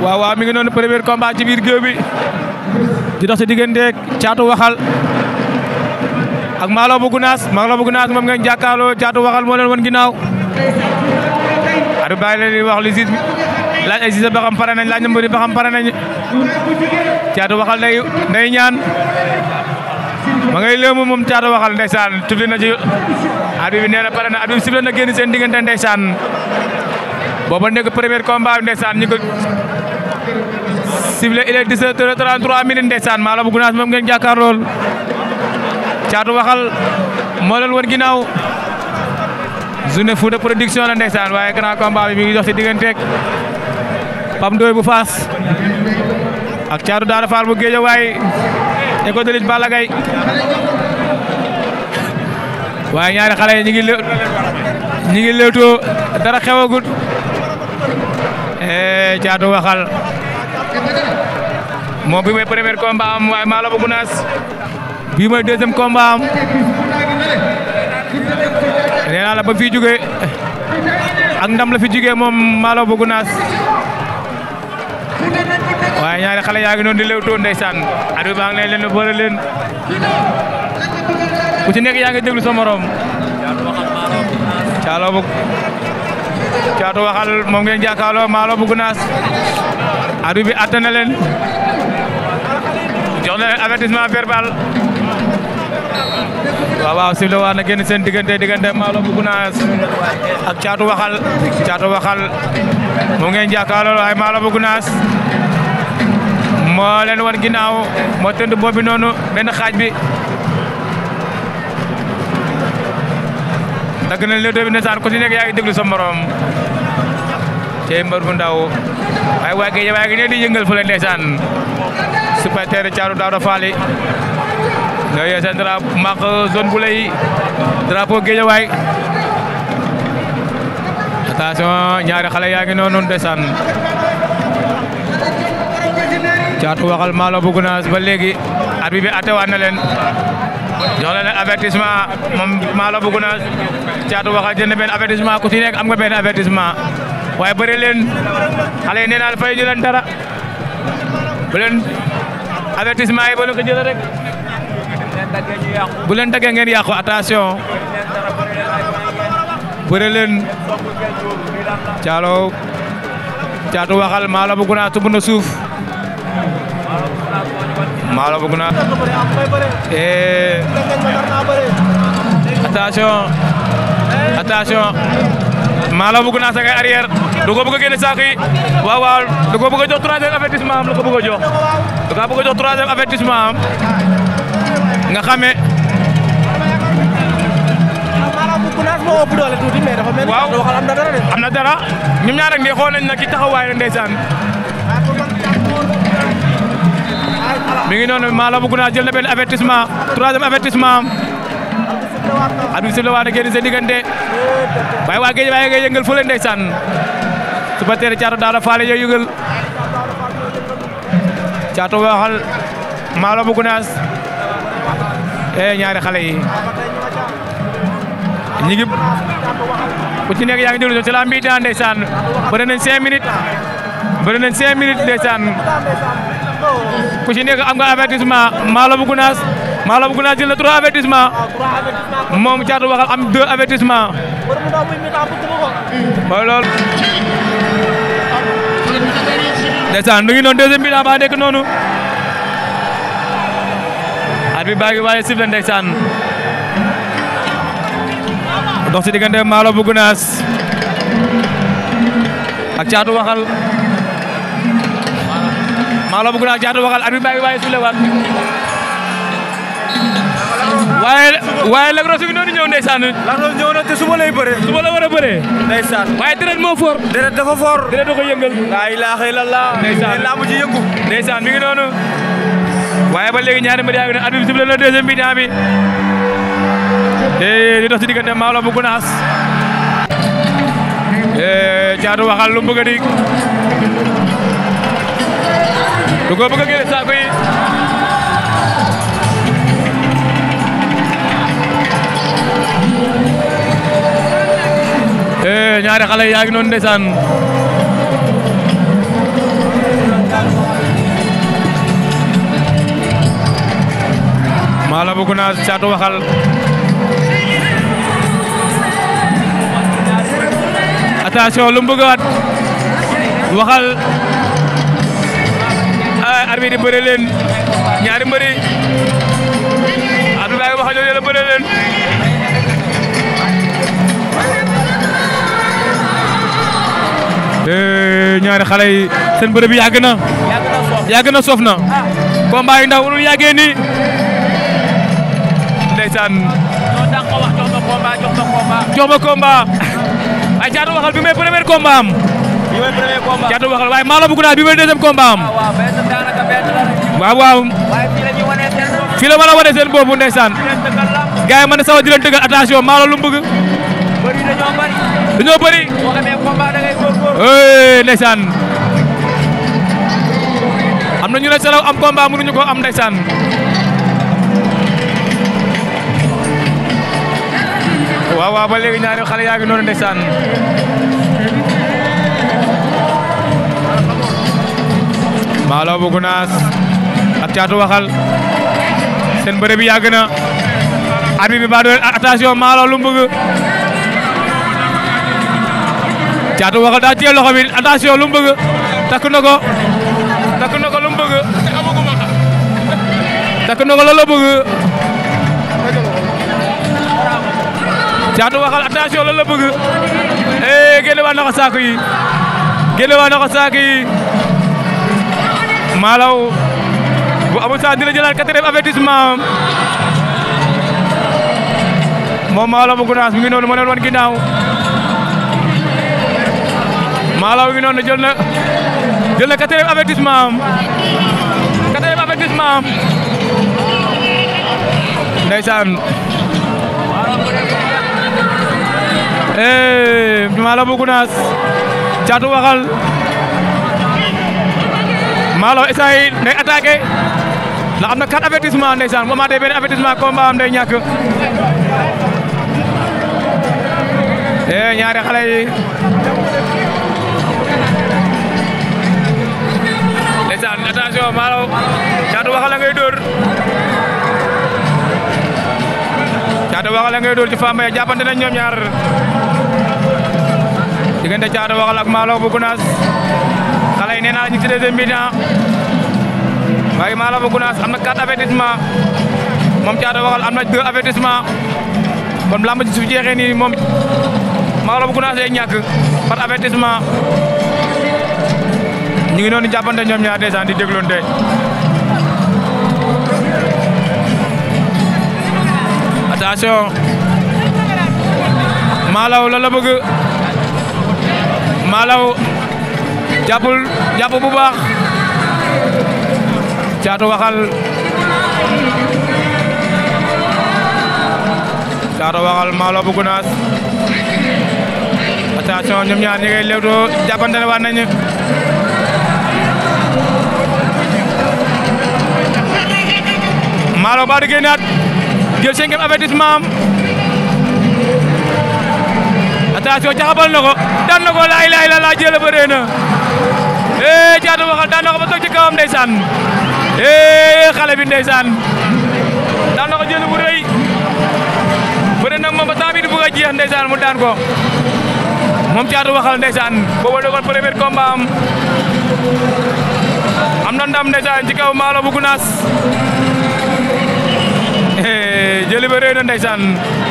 waaw mi ngi noonu premier combat ci biir géew bi di dox ci digganteeg caatu waxal ak maaloo bu gunaas maaloo bu gunaas moom ngeen jàkkaarloo caatu waxal moo leen won ginnaaw ar baa ngi leen di wax li si laaj ay si sa baxam pare nañ laaj na mbëri baxam pare nañ caatu waxal day day ñaan ma ngay léemu moom caatu waxal ndeysaan tufli na ci abi bi nee na pare na abi bi sifle na génn seen diggante ndeysaan booba nekk premier combat bi saan ñu ko sifle il est 17 heures maa la bu gunaas moom ngeen jàkkaar lool caatu waxal moo leen woon ginnaaw journée Fouta production la ndeysaan waaye grand combat bi mi dox ci digganteeg Pam Ndoy bu Faas ak Thiatou Daara Fall bu Géeja waaye école de lutte Balla Gaye waaye ñaari xale yi ñu ngi ñu ngi lewtoo dara xewagut eh waxal moom bi mooy premier combat am waaye maa la bëgg bi mooy deuxième combat am. nee naa la ba fi jógee ak ndam la fi jógee moom Malo bu Gunaas waaye ñaari xale yaa ngi noonu di lewtoo ndeysaan at bi baa ngi leen leen leen ku ci nekk yaa ngi déglu sa morom caalo bu caatu waxal moom ngeen jàkkaarloo Malo bu Gunaas at bi atte leen jox leen avertissement verbal waaw si sif la war génn seen diggante diggante Malo bu Gunaas ak Caatu Waxal Caatu Waxal moom ngeen jàkkaarloo waaye Malo bu Gunaas moo leen wan ginnaaw moo tënd boobu noonu benn xaaj bi dagg nañ léegi bi ndeysaan ku ci nekk yaa ngi déglu sa morom tey mbër bu ndaw waaye waa gi waaye gi ne di yëngal fële ndeysaan supporter Caatu Daawda Faal nga yeesal drap maq zone bu lay drapeau Guédiawaye attention ñaari xale yaa ngi noonu ndeysaan caatu waxal maalo bu gunaas ba léegi at bi bi atewaat na leen jox leen avertissement moom maalo bu gunaas caatu waxal jënd benn avertissement ku ci nekk am nga benn avertissement waaye bëri leen xale yi nee naa fay ñu leen dara bu leen avertissement ba nu ko jëlee rek bu leen daggee ngeen yàqu attention bëre leen caalo caatu waxal maa la naa tubb na suuf maa la naa ee eh. attention maa la naa sa kay arrière ko bëgg a génne saako yi ko bëgg a jox troisième avertissement ko bëgg a jox du nga xamee. waaw am na dara de. am na dara ñoom ñaar rek nañ na ki taxawaay mi ngi noonu Malaw Gunaas jël na benn avertissement troisième avertissement at bi si la waa na génn seen diggante waaye waa géej waaye waxal Malaw Gunaas eh ñaari xale yi ñi ngi ku ci nekk yaa ngi jël ci la mbi daan ndeysaan bëri nañ cinq minutes bëri nañ cinq minutes ku ci nekk am nga avertissement Malaw Gounass Malaw Gounass jël na trois avertissement moom Thiatou Waxal am deux avertissement mooy loolu ndeysaan nu ngi noonu deuxième bi daa ba noonu arbitre baa ngi waaye sifle ndeysaan dox ci diggante Malo bu Gunaas ak caatu waxal Malo bu Gunaas caatu waxal arbitre baa ngi waaye sifle waat waaye waaye Lac Rose bi noonu ñëw ndeysaan Lac Rose ñëw na te suba lay bëree suba la war a bëree ndeysaan waaye deret moo foor deret dafa foor deret da ko yëngal laa ilaaha illallah ndeysaan laa mu ci yëngu ndeysaan mi ngi noonu waaye ba léegi ñaari mbir yaa ngi ne arbitre bi sifflé na deuxième bi bi eh, di dox ci diggante Mawla bu Gunaas Caatu eh, waxal lu mu bëgg a dig du ko bëgg a génne saako yi eh, ñaari xale yaa ngi noonu ndeysaan wala bu gunaas caatu waxal attention lu mu bëggaat waxal ay arbitre di bëre leen ñaari mbëri abdoulaye waxal ñoo yëla bëre leen ñaari xale yi seen bëre bi yàgg na yàgg soof na combat yi ndax warul yàggee ndeysaan jox ma combat jox ma combat jox ma combat ay caatu waxal bi may premier combat am bi may premier combat caatu waxal waaye maa la bëgg naa bi may deuxième combat am ah, waaw waaw fii la mën a wane seen boobu ndeysaan gars yi man sawa di leen dëggal attention maa la lu mu bëgg bëri dañoo bëri dañoo bëri am na ñu ne selaw am combat mënuñu ko am ndeysaan waaw waaw ba léegi ñaari xale yaa ngi noonu ndeysaan Malo bu ak Caatu Waxal seen bëre bi yàgg na arbi bi ba doon attention Malo lu mu bëgg Caatu Waxal daa téye loxo bi attention takk na ko takk na ko takk na ko la Caatu waxal attention lan la bëgg eh génne waa naka saako yi génne waa naka saako yi bu amul saa dina jëlaat quatrième avertissement moom Malaw bu Gounass mi ngi noonu ma ne woon ginnaaw Malaw mi ngi noonu jël na jël na quatrième avertissement am quatrième avertissement eh Malaw bu Gunaas Caatu Waxal Malaw essay day attaqué ndax am na quatre avertissement ndeysaan bu amaatee benn avertissement combat eh, ñaari xale yi Caatu Waxal ngay dóor ngay dóor ci Fambaye jàppante nañ ñoom ñaar diggante Caatu Waxal ak Malaw bu Gunaas xale yi nee naa la ñu ngi ci deuxième mi Gunaas am na quatre avertissement moom Caatu Waxal am na deux avertissement kon lamb ji su nii moom Malaw bu Gunaas lay ñàkk par avertissement ñu ngi noonu jàppante ñoom ñaar dèjà di dégloonte attention Malaw la la bëgg Malaw jàppul jàpp bu baax caatu waxal caatu waxal Malaw bu gunaas attention ñaar ñi ngay lewtoo jàppante nañu Malaw ba di génnaat jël cinquième avertissement am attention jaxabal na ko daan na ko laay laay la laa Waxal daan ba toog ci kawam ndeysaan eh xale bi ndeysaan daan na ko jëlee bu rëy bëri na a jeex ndeysaan mu daan ko moom Waxal ndeysaan boobu doon premier combat am am na ndam ndeysaan ci kaw Malo bu Gunaas eh, jëli ba